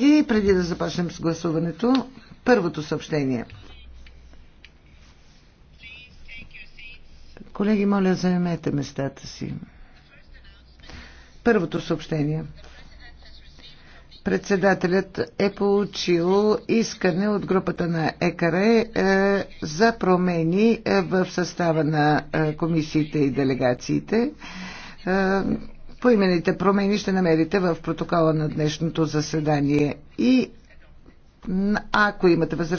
Е преди да започнем с гласуването, първото съобщение. Колеги, моля, заемете местата си. Първото съобщение. Председателят е получил искане от групата на ЕКАРЕ за промени е, в състава на е, комисиите и делегациите е, Поимените промени ще намерите в протокола на днешното заседание. И ако имате възражение,